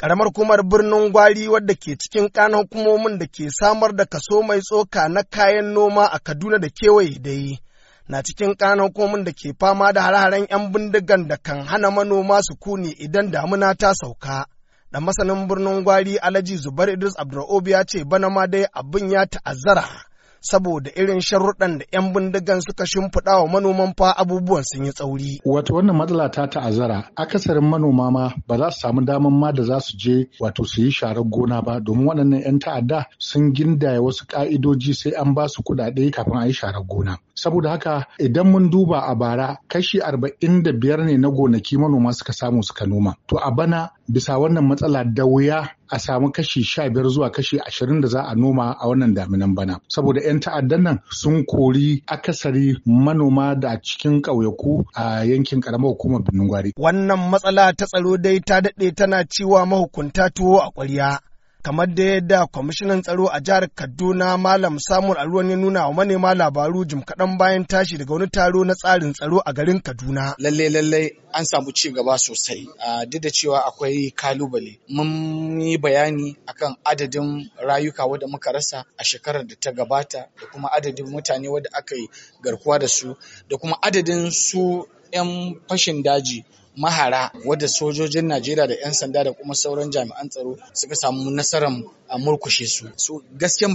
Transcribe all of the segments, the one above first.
Ƙaramar kumar birnin Gwari wadda ke cikin kan hukumomin da ke samar da kaso mai tsoka na kayan noma a Kaduna da kewaye da yi. Na cikin kan hukumomin da ke fama da hare-haren 'yan bindigan da kan hana manoma su kune idan damuna ta sauka. Da masanin birnin Gwari Alhaji zubar Idris Abdur'obi ya ce bana ma dai abin ya ta'azzara. saboda irin sharuɗan da 'yan bindigan suka shimfiɗa wa manoman fa abubuwan sun yi tsauri. Wato wannan matsala ta ta'azzara akasarin manoma ma ba za su samu daman ma da za su je wato su yi sharar gona ba domin waɗannan 'yan ta'adda sun gindaya wasu ƙa'idoji sai an ba su kuɗaɗe kafin a yi sharar gona. Saboda haka idan mun duba a bara kashi arba'in da biyar ne na gonaki manoma suka samu suka noma. To a bana bisa wannan matsala da wuya a samu kashi sha biyar zuwa kashi ashirin da za a noma a wannan daminan bana saboda 'yan ta'addan nan sun kori akasari manoma da cikin ƙauyaku a yankin karamar hukumar birnin gwari wannan matsala ta tsaro dai ta daɗe tana ciwa mahukunta tuwo a ƙwarya kamar da yadda kwamishinan tsaro a jihar kaduna malam samun aruwan ya nuna wa manema labaru jim kaɗan bayan tashi daga wani taro na tsarin tsaro a garin kaduna lalle lalle an samu ci gaba sosai duk da cewa akwai kalubale mun yi bayani akan adadin rayuka wadda muka rasa a shekarar da ta gabata da kuma adadin mutane wadda aka yi garkuwa da su da kuma adadin su 'yan fashin daji mahara wadda sojojin Najeriya da 'yan sanda da kuma sauran jami'an tsaro suka samu nasarar a murkushe su. So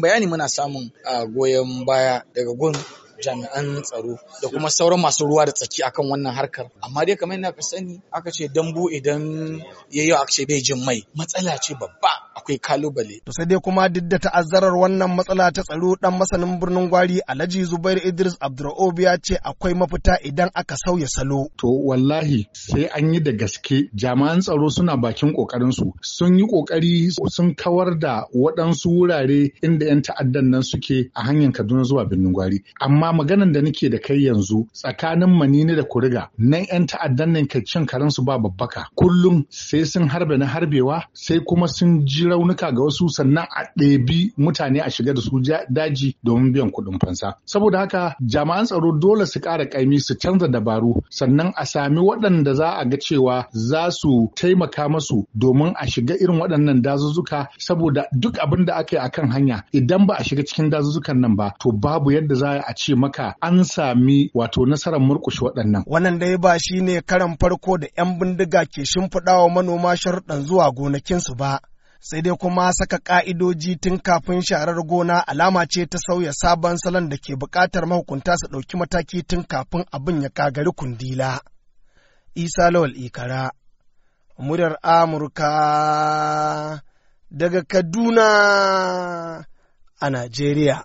bayani muna samun a goyon baya daga gun jami'an tsaro da kuma sauran masu ruwa da tsaki akan wannan harkar amma dai kamar yadda ka sani aka ce dambu idan yayi aka ce bai jin mai matsala ce babba akwai kalubale to sai dai kuma duk da ta'azzarar wannan matsala ta tsaro dan masanin birnin gwari Alhaji Zubair Idris Abdurraub ya ce akwai mafita idan aka sauya salo to wallahi sai an yi da gaske jami'an tsaro suna bakin kokarin su sun yi kokari sun kawar da waɗansu wurare inda 'yan ta'addan nan suke a hanyar Kaduna zuwa Birnin Gwari amma maganan da nake da kai yanzu tsakanin manini da kuriga nan yan ta'addan nan ke cin su ba babbaka kullum sai sun harbe na harbewa sai kuma sun ji raunuka ga wasu sannan a ɗebi mutane a shiga da su daji domin biyan kuɗin fansa saboda haka jami'an tsaro dole su ƙara ƙaimi su canza dabaru sannan a sami waɗanda za a ga cewa za su taimaka masu domin a shiga irin waɗannan dazuzzuka saboda duk abin da aka yi akan hanya idan ba a shiga cikin dazuzzukan nan ba to babu yadda za a ce maka an sami wato nasarar murkushe waɗannan. Wannan dai ba shi ne karan farko da 'yan bindiga ke shimfiɗawa manoma sharuɗan zuwa gonakinsu ba. sai dai kuma saka ƙa'idoji tun kafin sharar gona alama ce ta sauya sabon salon da ke buƙatar mahukunta su ɗauki mataki tun kafin abin ya gari kundila. Isa Lawal Ikara, muryar Amurka daga Kaduna a Najeriya.